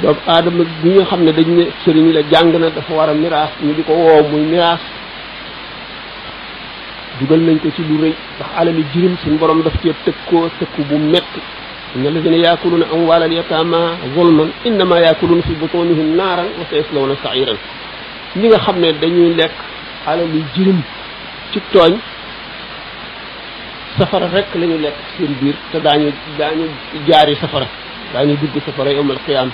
doomu aadama bi nga xam ne dañ ne sëriñ la jàng na dafa war a miraas ñu di ko woo muy miraas dugal nañ ko ci lu rëy ndax alali jirim suñ borom daf cee tëkkoo tëkku bu metti inna alladina yaakuluna amwaala alyataama zulman innama yaakuluna fi butunihim naaran wa sayaslawna nga xam ne dañuy lekk alali jirim ci tooñ safara rek la ñu lekk seen biir te daañu daañu jaari safara daañu dugg safara yowmal qiyaama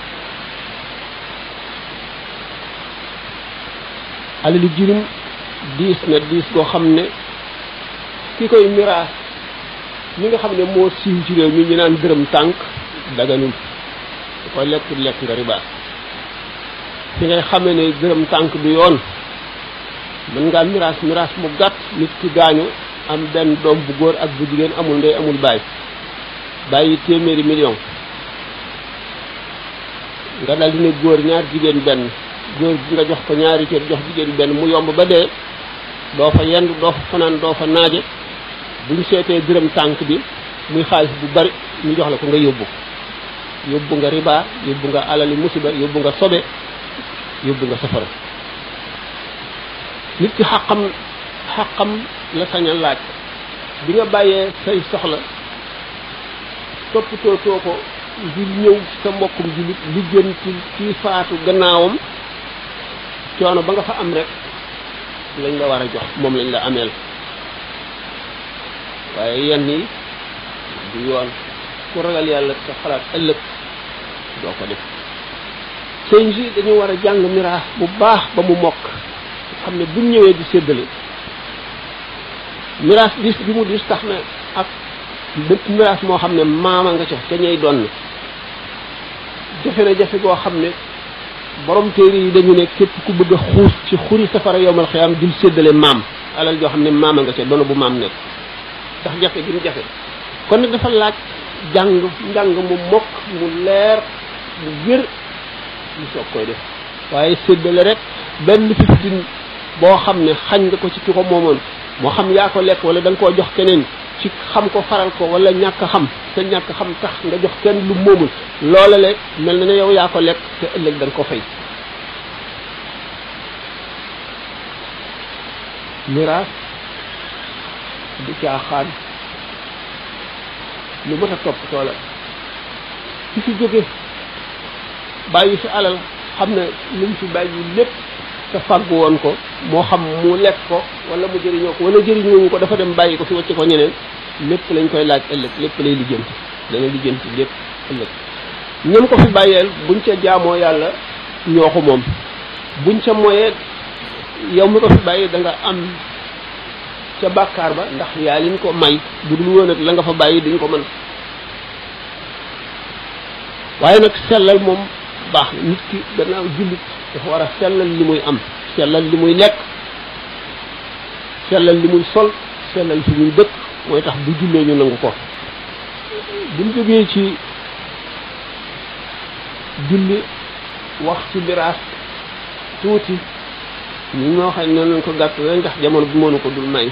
alalu jirim diis na diis koo xam ne ki koy miraas mi nga xam ne moo siiw ci réew mi ñu naan gërëm tànk daganul ku ko lekk lekk nga ribaas fi ngay xamee ne gërëm tànk bi yoon mën ngaa miraas miraas mu gàtt nit ki gaañu am benn doom bu góor ak bu jigéen amul ndey amul baay bàyyi téeméeri million nga dal dina góor ñaar jigéen benn góor nga jox ko ñaari cër jox jigéen benn mu yomb ba dee doo fa yendu doo fa fanaan doo fa naaje buñ seetee dërëm tànk bi muy xaalis bu bari ñu jox la ko nga yóbbu yóbbu nga riba yóbbu nga alali musiba yóbbu nga sobe yóbbu nga safara nit ki xaqam xaqam la sañ laaj bi nga bàyyee say soxla toppatoo too ko ngir ñëw sa mbokkum jullit li ci faatu gannaawam coono ba nga fa am rek lañ la wara jox mom lañ la amel waye yenn yi du yoon ku ragal yalla ta xalat ëlëk do ko def señ ji dañu wara jang mira bu baax ba mu mok xamne bu ñëwé di séddale mira dis bi mu dis taxna ak bépp mira mo xamne ne maama nga ca ca ñay donn jafe na jafé go xamne borom téere yi dañu ne képp ku bëgg a xuus ci xuri safara yowmal xiyaam dul séddale maam alal joo xam ne maama nga ca doona bu maam nekk ndax gi mu kon nag dafa laaj jàng njàng mu mokk mu leer mu wér ñu soog koy def waaye séddale rek benn fiftin boo xam ne xañ nga ko ci ki ko moomoon moo xam yaa ko lekk wala da nga koo jox keneen ci xam ko faral ko wala ñàkk xam te ñàkk xam tax nga jox kenn lu moomul loola le mel na ne yow yaa ko lekk te ëllëg da ko fay miraas du caaxaan lu mën a topp toolam ci fi jóge bàyyi fi alal xam ne lu mu fi bàyyi lépp te fàggu woon ko moo xam mu lekk ko wala mu jëriñoo ko wala jëriñoo ko dafa dem bàyyi ko fi wacce ko ñeneen lépp lañ koy laaj ëllëg lépp lay lijjanti dana lijjanti lépp ëllëg ñoom ko fi bàyyeel buñ ca jaamoo yàlla ñoo ko moom buñ ca moyee yow mi ko fi bàyyi da am ca bàkkaar ba ndax yaa leen ko may bu dul woon ak la nga fa bàyyi duñ ko mën waaye nag sellal moom baax na nit ki gannaaw jullit dafa war a sellal li muy am sellal li muy lekk sellal li muy sol sellal fi muy dëkk mooy tax bu jullee ñu nangu ko buñ jógee ci julli wax ci miraas tuuti ñoo xam ne noonu lañ ko gàtt ndax jamono bi mënu ko dul may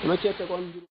dama cee tegoon